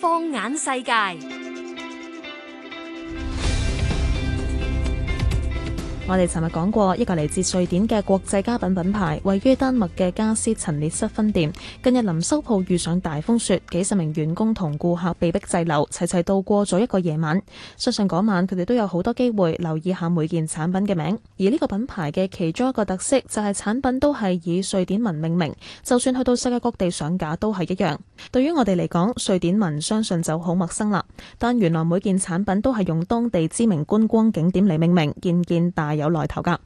放眼世界。我哋尋日講過一個嚟自瑞典嘅國際家品品牌，位於丹麥嘅家私陳列室分店，近日臨收鋪遇上大風雪，幾十名員工同顧客被迫滯留，齊齊度過咗一個夜晚。相信嗰晚佢哋都有好多機會留意下每件產品嘅名。而呢個品牌嘅其中一個特色就係產品都係以瑞典文命名，就算去到世界各地上架都係一樣。對於我哋嚟講，瑞典文相信就好陌生啦。但原來每件產品都係用當地知名觀光景點嚟命名，件件大係有來頭噶，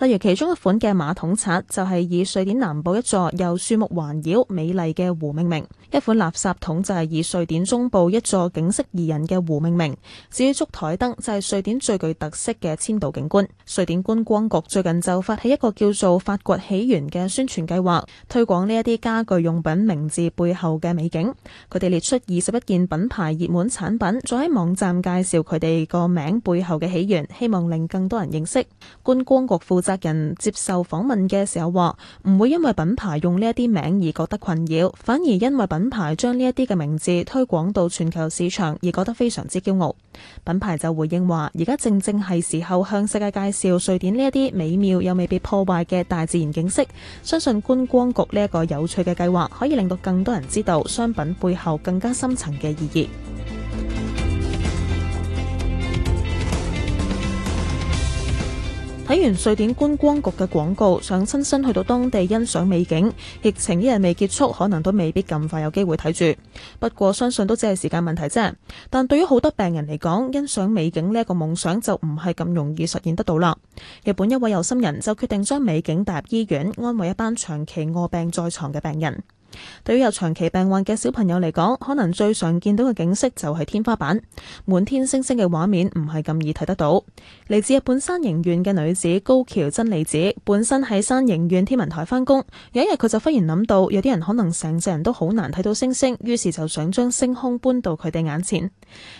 例如其中一款嘅馬桶刷就係以瑞典南部一座由樹木環繞美麗嘅湖命名；一款垃圾桶就係以瑞典中部一座景色宜人嘅湖命名。至於燭台燈就係瑞典最具特色嘅千島景觀。瑞典觀光局最近就發起一個叫做“發掘起源”嘅宣傳計劃，推廣呢一啲家具用品名字背後嘅美景。佢哋列出二十一件品牌熱門產品，再喺網站介紹佢哋個名背後嘅起源，希望令更多人認識。觀光局負責人接受訪問嘅時候話，唔會因為品牌用呢一啲名而覺得困擾，反而因為品牌將呢一啲嘅名字推廣到全球市場而覺得非常之驕傲。品牌就回應話，而家正正係時候向世界介紹瑞典呢一啲美妙又未被破壞嘅大自然景色，相信觀光局呢一個有趣嘅計劃可以令到更多人知道商品背後更加深層嘅意義。睇完瑞典觀光局嘅廣告，想親身去到當地欣賞美景，疫情一日未結束，可能都未必咁快有機會睇住。不過相信都只係時間問題啫。但對於好多病人嚟講，欣賞美景呢個夢想就唔係咁容易實現得到啦。日本一位有心人就決定將美景帶入醫院，安慰一班長期臥病在床嘅病人。對於有長期病患嘅小朋友嚟講，可能最常見到嘅景色就係天花板，滿天星星嘅畫面唔係咁易睇得到。嚟自日本山形縣嘅女子高橋真理子，本身喺山形縣天文台返工，有一日佢就忽然諗到，有啲人可能成世人都好難睇到星星，於是就想將星空搬到佢哋眼前。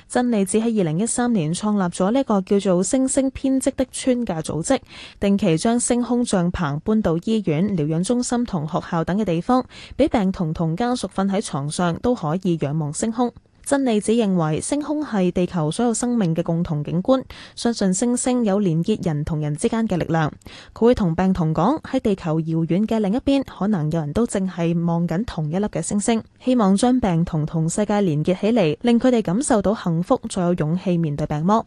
真理子喺二零一三年創立咗呢個叫做星星編織的村嘅組織，定期將星空帳篷搬到醫院、療養中心同學校等嘅地方，俾病。病童同家屬瞓喺床上都可以仰望星空。真理子認為星空係地球所有生命嘅共同景觀，相信星星有連結人同人之間嘅力量。佢會同病童講，喺地球遙遠嘅另一邊，可能有人都淨係望緊同一粒嘅星星。希望將病童同世界連結起嚟，令佢哋感受到幸福，再有勇氣面對病魔。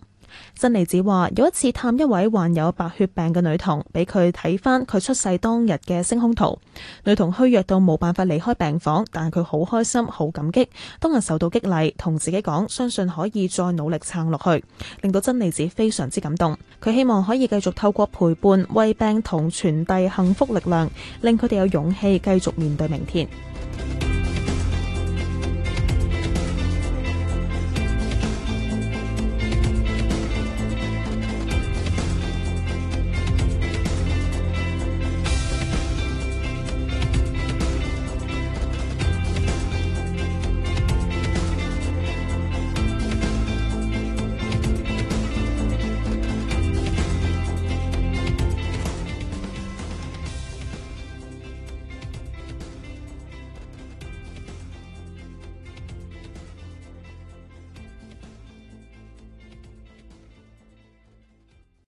真妮子話：有一次探一位患有白血病嘅女童，俾佢睇翻佢出世當日嘅星空圖。女童虛弱到冇辦法離開病房，但係佢好開心，好感激當日受到激勵，同自己講，相信可以再努力撐落去，令到真妮子非常之感動。佢希望可以繼續透過陪伴，為病童傳遞幸福力量，令佢哋有勇氣繼續面對明天。